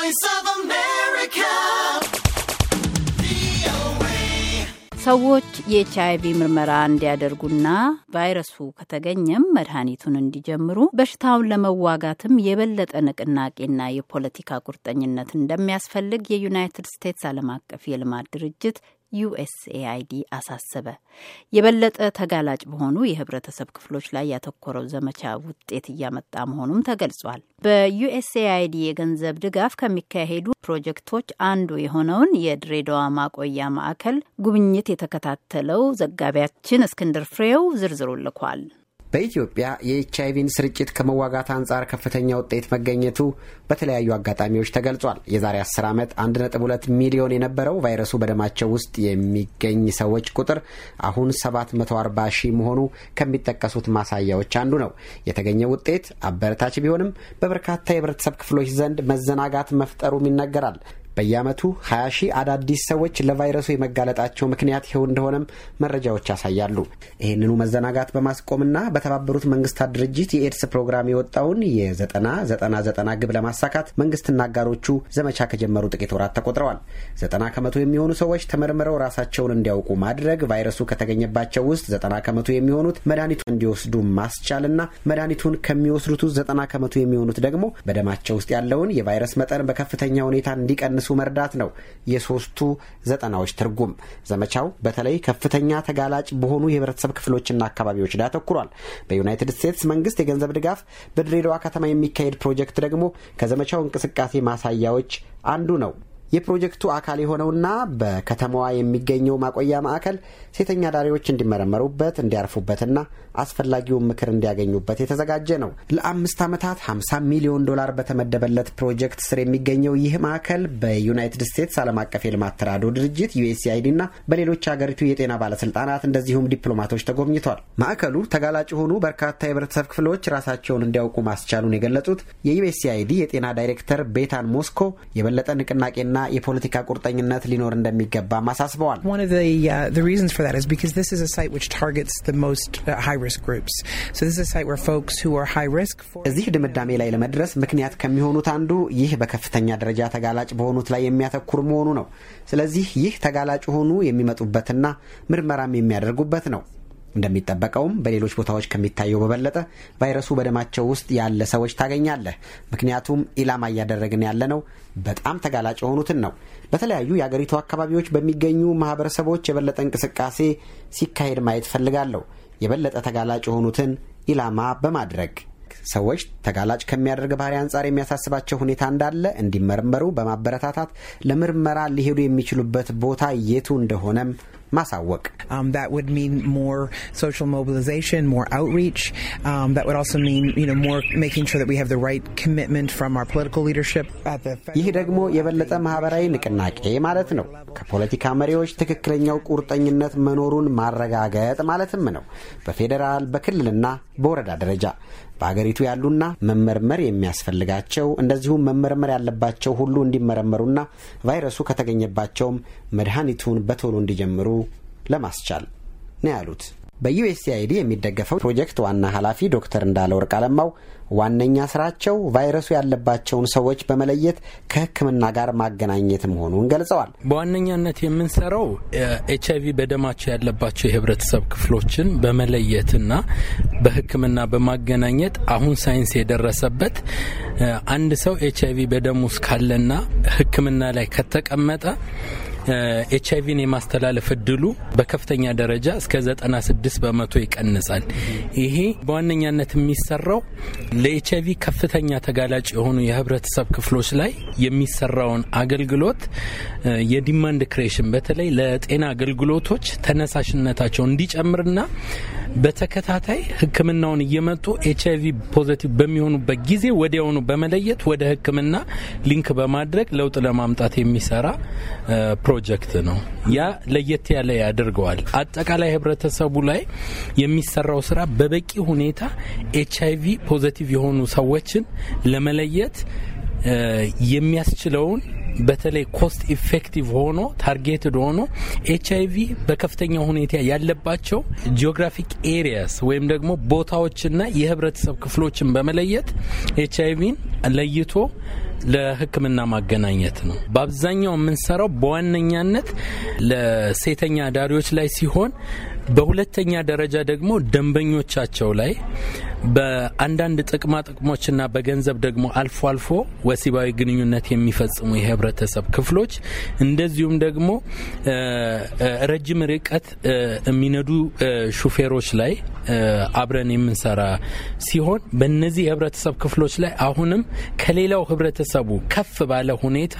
Voice of America. ሰዎች የኤች ቪ ምርመራ እንዲያደርጉና ቫይረሱ ከተገኘም መድኃኒቱን እንዲጀምሩ በሽታውን ለመዋጋትም የበለጠ ንቅናቄና የፖለቲካ ቁርጠኝነት እንደሚያስፈልግ የዩናይትድ ስቴትስ ዓለም አቀፍ የልማት ድርጅት ዩኤስኤአይዲ አሳሰበ። የበለጠ ተጋላጭ በሆኑ የህብረተሰብ ክፍሎች ላይ ያተኮረው ዘመቻ ውጤት እያመጣ መሆኑም ተገልጿል። በዩኤስኤአይዲ የገንዘብ ድጋፍ ከሚካሄዱ ፕሮጀክቶች አንዱ የሆነውን የድሬዳዋ ማቆያ ማዕከል ጉብኝት የተከታተለው ዘጋቢያችን እስክንድር ፍሬው ዝርዝሩ ልኳል። በኢትዮጵያ የኤች አይቪን ስርጭት ከመዋጋት አንጻር ከፍተኛ ውጤት መገኘቱ በተለያዩ አጋጣሚዎች ተገልጿል። የዛሬ 10 ዓመት 1.2 ሚሊዮን የነበረው ቫይረሱ በደማቸው ውስጥ የሚገኝ ሰዎች ቁጥር አሁን 740 ሺህ መሆኑ ከሚጠቀሱት ማሳያዎች አንዱ ነው። የተገኘው ውጤት አበረታች ቢሆንም በበርካታ የህብረተሰብ ክፍሎች ዘንድ መዘናጋት መፍጠሩም ይነገራል። በየዓመቱ 20 ሺህ አዳዲስ ሰዎች ለቫይረሱ የመጋለጣቸው ምክንያት ይኸው እንደሆነም መረጃዎች ያሳያሉ። ይህንኑ መዘናጋት በማስቆምና በተባበሩት መንግስታት ድርጅት የኤድስ ፕሮግራም የወጣውን የዘጠና ዘጠና ዘጠና ግብ ለማሳካት መንግስትና አጋሮቹ ዘመቻ ከጀመሩ ጥቂት ወራት ተቆጥረዋል። ዘጠና ከመቶ የሚሆኑ ሰዎች ተመርምረው ራሳቸውን እንዲያውቁ ማድረግ፣ ቫይረሱ ከተገኘባቸው ውስጥ ዘጠና ከመቶ የሚሆኑት መድኃኒቱ እንዲወስዱ ማስቻልና መድኃኒቱን ከሚወስዱት ውስጥ ዘጠና ከመቶ የሚሆኑት ደግሞ በደማቸው ውስጥ ያለውን የቫይረስ መጠን በከፍተኛ ሁኔታ እንዲቀንሱ መርዳት ነው የሶስቱ ዘጠናዎች ትርጉም። ዘመቻው በተለይ ከፍተኛ ተጋላጭ በሆኑ የህብረተሰብ ክፍሎችና አካባቢዎች ላይ አተኩሯል። በዩናይትድ ስቴትስ መንግስት የገንዘብ ድጋፍ በድሬዳዋ ከተማ የሚካሄድ ፕሮጀክት ደግሞ ከዘመቻው እንቅስቃሴ ማሳያዎች አንዱ ነው። የፕሮጀክቱ አካል የሆነውና በከተማዋ የሚገኘው ማቆያ ማዕከል ሴተኛ ዳሪዎች እንዲመረመሩበት እንዲያርፉበትና አስፈላጊውን ምክር እንዲያገኙበት የተዘጋጀ ነው። ለአምስት ዓመታት 50 ሚሊዮን ዶላር በተመደበለት ፕሮጀክት ስር የሚገኘው ይህ ማዕከል በዩናይትድ ስቴትስ ዓለም አቀፍ የልማት ተራድኦ ድርጅት ዩኤስአይዲና በሌሎች አገሪቱ የጤና ባለስልጣናት እንደዚሁም ዲፕሎማቶች ተጎብኝቷል። ማዕከሉ ተጋላጭ የሆኑ በርካታ የህብረተሰብ ክፍሎች ራሳቸውን እንዲያውቁ ማስቻሉን የገለጹት የዩኤስአይዲ የጤና ዳይሬክተር ቤታን ሞስኮ የበለጠ ንቅናቄና የፖለቲካ ቁርጠኝነት ሊኖር እንደሚገባም አሳስበዋል። uh, uh, እዚህ ድምዳሜ ላይ ለመድረስ ምክንያት ከሚሆኑት አንዱ ይህ በከፍተኛ ደረጃ ተጋላጭ በሆኑት ላይ የሚያተኩር መሆኑ ነው። ስለዚህ ይህ ተጋላጭ ሆኑ የሚመጡበትና ምርመራም የሚያደርጉበት ነው። እንደሚጠበቀውም በሌሎች ቦታዎች ከሚታየው በበለጠ ቫይረሱ በደማቸው ውስጥ ያለ ሰዎች ታገኛለህ። ምክንያቱም ኢላማ እያደረግን ያለነው በጣም ተጋላጭ የሆኑትን ነው። በተለያዩ የአገሪቱ አካባቢዎች በሚገኙ ማህበረሰቦች የበለጠ እንቅስቃሴ ሲካሄድ ማየት ፈልጋለሁ። የበለጠ ተጋላጭ የሆኑትን ኢላማ በማድረግ ሰዎች ተጋላጭ ከሚያደርግ ባህሪ አንጻር የሚያሳስባቸው ሁኔታ እንዳለ እንዲመረመሩ በማበረታታት ለምርመራ ሊሄዱ የሚችሉበት ቦታ የቱ እንደሆነም ማሳወቅ um, um, ይህ ደግሞ የበለጠ ማህበራዊ ንቅናቄ ማለት ነው። ከፖለቲካ መሪዎች ትክክለኛው ቁርጠኝነት መኖሩን ማረጋገጥ ማለትም ነው። በፌዴራል በክልልና በወረዳ ደረጃ በሀገሪቱ ያሉና መመርመር የሚያስፈልጋቸው እንደዚሁም መመርመር ያለባቸው ሁሉ እንዲመረመሩና ቫይረሱ ከተገኘባቸውም መድኃኒቱን በቶሎ እንዲጀምሩ ለማስቻል ነው ያሉት በዩኤስኤአይዲ የሚደገፈው ፕሮጀክት ዋና ኃላፊ ዶክተር እንዳለወርቅ አለማው ዋነኛ ስራቸው ቫይረሱ ያለባቸውን ሰዎች በመለየት ከሕክምና ጋር ማገናኘት መሆኑን ገልጸዋል። በዋነኛነት የምንሰራው ኤች አይቪ በደማቸው ያለባቸው የህብረተሰብ ክፍሎችን በመለየትና በሕክምና በማገናኘት አሁን ሳይንስ የደረሰበት አንድ ሰው ኤች አይቪ በደም ውስጥ ካለና ሕክምና ላይ ከተቀመጠ ኤች አይቪን የማስተላለፍ እድሉ በከፍተኛ ደረጃ እስከ 96 በመቶ ይቀንሳል። ይሄ በዋነኛነት የሚሰራው ለኤች አይቪ ከፍተኛ ተጋላጭ የሆኑ የህብረተሰብ ክፍሎች ላይ የሚሰራውን አገልግሎት የዲማንድ ክሬሽን በተለይ ለጤና አገልግሎቶች ተነሳሽነታቸው እንዲጨምርና በተከታታይ ሕክምናውን እየመጡ ኤች አይቪ ፖዘቲቭ በሚሆኑበት ጊዜ ወዲያውኑ በመለየት ወደ ሕክምና ሊንክ በማድረግ ለውጥ ለማምጣት የሚሰራ ፕሮጀክት ነው። ያ ለየት ያለ ያደርገዋል። አጠቃላይ ህብረተሰቡ ላይ የሚሰራው ስራ በበቂ ሁኔታ ኤች አይቪ ፖዘቲቭ የሆኑ ሰዎችን ለመለየት የሚያስችለውን በተለይ ኮስት ኢፌክቲቭ ሆኖ ታርጌትድ ሆኖ ኤች አይ ቪ በከፍተኛ ሁኔታ ያለባቸው ጂኦግራፊክ ኤሪያስ ወይም ደግሞ ቦታዎችና የህብረተሰብ ክፍሎችን በመለየት ኤች አይ ቪን ለይቶ ለሕክምና ማገናኘት ነው። በአብዛኛው የምንሰራው በዋነኛነት ለሴተኛ አዳሪዎች ላይ ሲሆን በሁለተኛ ደረጃ ደግሞ ደንበኞቻቸው ላይ በአንዳንድ ጥቅማ ጥቅሞችና በገንዘብ ደግሞ አልፎ አልፎ ወሲባዊ ግንኙነት የሚፈጽሙ የህብረተሰብ ክፍሎች እንደዚሁም ደግሞ ረጅም ርቀት የሚነዱ ሹፌሮች ላይ አብረን የምንሰራ ሲሆን በእነዚህ የህብረተሰብ ክፍሎች ላይ አሁንም ከሌላው ህብረተሰቡ ከፍ ባለ ሁኔታ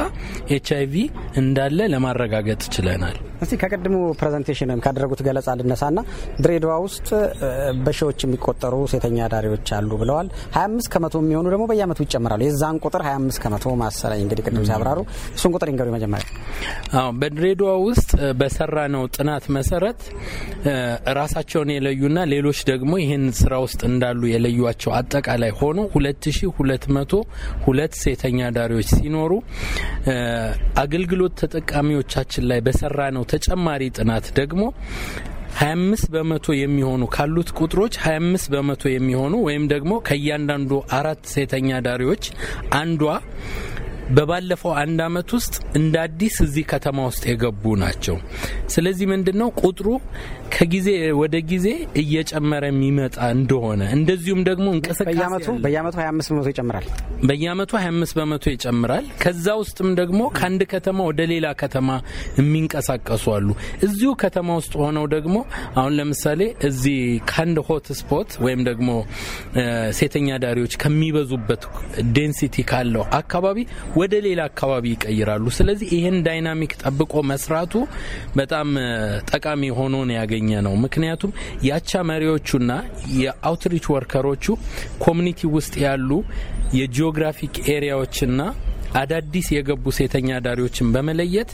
ኤች አይቪ እንዳለ ለማረጋገጥ ችለናል። እስቲ ከቅድሙ ፕሬዘንቴሽን ወይም ካደረጉት ገለጻ ልነሳና ድሬዳዋ ውስጥ በሺዎች የሚቆጠሩ ሴተኛ አዳሪዎች አሉ ብለዋል። 25 ከመቶ የሚሆኑ ደግሞ በየአመቱ ይጨምራሉ። የዛን ቁጥር 25 ከመቶ ማሰለኝ እንግዲህ ቅድም ሲያብራሩ እሱን ቁጥር ይንገሩ መጀመሪያ። አዎ በድሬዳዋ ውስጥ በሰራ ነው ጥናት መሰረት ራሳቸውን ና ሌሎች ደግሞ ይህን ስራ ውስጥ እንዳሉ የለዩቸው አጠቃላይ ሆኖ ሁለት ሴተኛ አዳሪዎች ሲኖሩ አገልግሎት ተጠቃሚዎቻችን ላይ በሰራ ነው ተጨማሪ ጥናት ደግሞ 25 በመቶ የሚሆኑ ካሉት ቁጥሮች 25 በመቶ የሚሆኑ ወይም ደግሞ ከእያንዳንዱ አራት ሴተኛ ዳሪዎች አንዷ በባለፈው አንድ አመት ውስጥ እንደ አዲስ እዚህ ከተማ ውስጥ የገቡ ናቸው። ስለዚህ ምንድን ነው ቁጥሩ ከጊዜ ወደ ጊዜ እየጨመረ የሚመጣ እንደሆነ እንደዚሁም ደግሞ እንቅስቃሴ በየአመቱ 25 በመቶ ይጨምራል። በየአመቱ 25 በመቶ ይጨምራል። ከዛ ውስጥም ደግሞ ከአንድ ከተማ ወደ ሌላ ከተማ የሚንቀሳቀሱ አሉ። እዚሁ ከተማ ውስጥ ሆነው ደግሞ አሁን ለምሳሌ እዚህ ከአንድ ሆት ስፖት ወይም ደግሞ ሴተኛ ዳሪዎች ከሚበዙበት ዴንሲቲ ካለው አካባቢ ወደ ሌላ አካባቢ ይቀይራሉ። ስለዚህ ይህን ዳይናሚክ ጠብቆ መስራቱ በጣም ጠቃሚ ሆኖን ያገኘ ነው። ምክንያቱም የአቻ መሪዎቹና የአውትሪች ወርከሮቹ ኮሚኒቲ ውስጥ ያሉ የጂኦግራፊክ ኤሪያዎችና አዳዲስ የገቡ ሴተኛ አዳሪዎችን በመለየት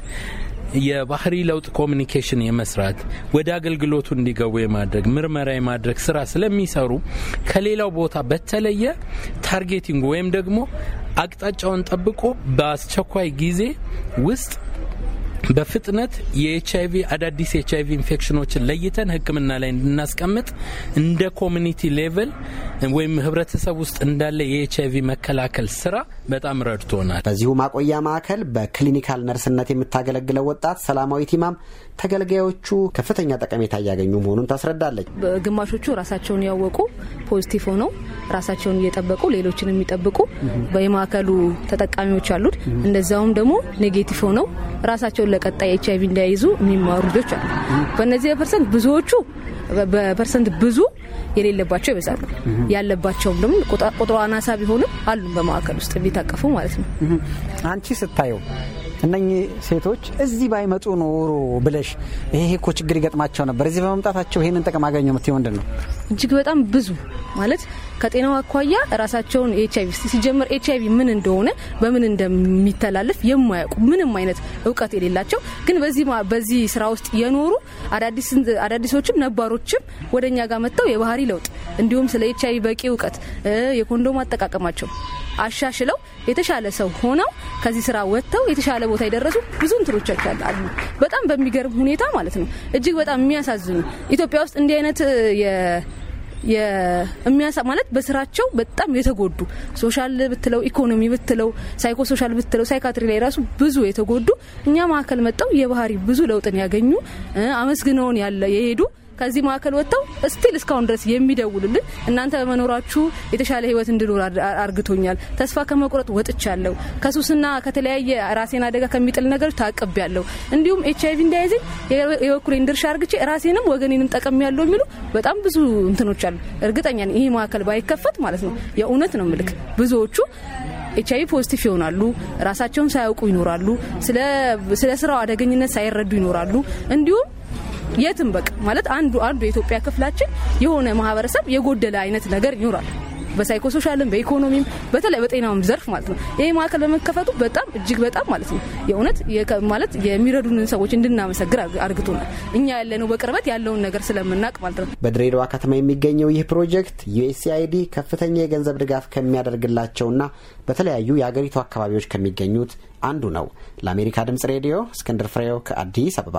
የባህሪ ለውጥ ኮሚኒኬሽን የመስራት ወደ አገልግሎቱ እንዲገቡ የማድረግ ምርመራ የማድረግ ስራ ስለሚሰሩ ከሌላው ቦታ በተለየ ታርጌቲንግ ወይም ደግሞ አቅጣጫውን ጠብቆ በአስቸኳይ ጊዜ ውስጥ በፍጥነት የኤች አይቪ አዳዲስ የኤች አይቪ ኢንፌክሽኖችን ለይተን ሕክምና ላይ እንድናስቀምጥ እንደ ኮሚኒቲ ሌቨል ወይም ህብረተሰብ ውስጥ እንዳለ የኤች አይቪ መከላከል ስራ በጣም ረድቶናል። በዚሁ ማቆያ ማዕከል በክሊኒካል ነርስነት የምታገለግለው ወጣት ሰላማዊ ቲማም ተገልጋዮቹ ከፍተኛ ጠቀሜታ እያገኙ መሆኑን ታስረዳለች። ግማሾቹ ራሳቸውን ያወቁ ፖዚቲቭ ሆነው ራሳቸውን እየጠበቁ ሌሎችን የሚጠብቁ በየማዕከሉ ተጠቃሚዎች አሉት። እንደዚያውም ደግሞ ኔጌቲቭ ሆነው ራሳቸውን ለቀጣይ ኤች አይቪ እንዳይዙ የሚማሩ ልጆች አሉ። በእነዚህ በፐርሰንት ብዙዎቹ በፐርሰንት ብዙ የሌለባቸው ይበዛሉ። ያለባቸውም ደግሞ ቁጥሩ አናሳ ቢሆንም አሉም በማዕከል ውስጥ የሚታቀፉ ማለት ነው። አንቺ ስታየው እነኚህ ሴቶች እዚህ ባይመጡ ኖሮ ብለሽ ይሄ እኮ ችግር ይገጥማቸው ነበር፣ እዚህ በመምጣታቸው ይህንን ጥቅም አገኙ ምት ወንድን ነው? እጅግ በጣም ብዙ ማለት ከጤናው አኳያ ራሳቸውን ኤች አይቪ ሲጀምር ኤች አይቪ ምን እንደሆነ በምን እንደሚተላለፍ የማያውቁ ምንም አይነት እውቀት የሌላቸው ግን በዚህ ስራ ውስጥ የኖሩ አዳዲሶችም ነባሮችም ወደ እኛ ጋር መጥተው የባህሪ ለውጥ እንዲሁም ስለ ኤች አይቪ በቂ እውቀት የኮንዶም አጠቃቀማቸው አሻሽለው የተሻለ ሰው ሆነው ከዚህ ስራ ወጥተው የተሻለ ቦታ የደረሱ ብዙ እንትኖች አሉ። በጣም በሚገርም ሁኔታ ማለት ነው። እጅግ በጣም የሚያሳዝኑ ኢትዮጵያ ውስጥ እንዲህ አይነት የሚያሳ ማለት በስራቸው በጣም የተጎዱ ሶሻል ብትለው ኢኮኖሚ ብትለው ሳይኮ ሶሻል ብትለው ሳይካትሪ ላይ ራሱ ብዙ የተጎዱ እኛ ማዕከል መጠው የባህሪ ብዙ ለውጥን ያገኙ አመስግነውን ያለ የሄዱ ከዚህ መካከል ወጥተው ስቲል እስካሁን ድረስ የሚደውሉልን እናንተ በመኖራችሁ የተሻለ ህይወት እንድኖር አርግቶኛል፣ ተስፋ ከመቁረጥ ወጥቻለሁ፣ ከሱስና ከተለያየ ራሴን አደጋ ከሚጥል ነገሮች ያለው እንዲሁም ኤች አይቪ እንዳይዘኝ የበኩሌን ድርሻ አርግቼ ራሴንም ወገኔንም ጠቀም ያለው የሚሉ በጣም ብዙ እንትኖች አሉ። እርግጠኛ ይሄ ይህ መካከል ባይከፈት ማለት ነው የእውነት ነው ምልክ ብዙዎቹ ኤች አይቪ ፖዚቲቭ ይሆናሉ። ራሳቸውን ሳያውቁ ይኖራሉ። ስለ ስራው አደገኝነት ሳይረዱ ይኖራሉ። እንዲሁም የትም በቃ ማለት አንዱ አንዱ የኢትዮጵያ ክፍላችን የሆነ ማህበረሰብ የጎደለ አይነት ነገር ይኖራል። በሳይኮሶሻልም በኢኮኖሚም በተለይ በጤናውም ዘርፍ ማለት ነው። ይህ ማዕከል በመከፈቱ በጣም እጅግ በጣም ማለት ነው የእውነት ማለት የሚረዱንን ሰዎች እንድናመሰግር አርግቶናል። እኛ ያለነው በቅርበት ያለውን ነገር ስለምናቅ ማለት ነው። በድሬዳዋ ከተማ የሚገኘው ይህ ፕሮጀክት ዩኤስኤአይዲ ከፍተኛ የገንዘብ ድጋፍ ከሚያደርግላቸውና በተለያዩ የአገሪቱ አካባቢዎች ከሚገኙት አንዱ ነው። ለአሜሪካ ድምጽ ሬዲዮ እስክንድር ፍሬው ከአዲስ አበባ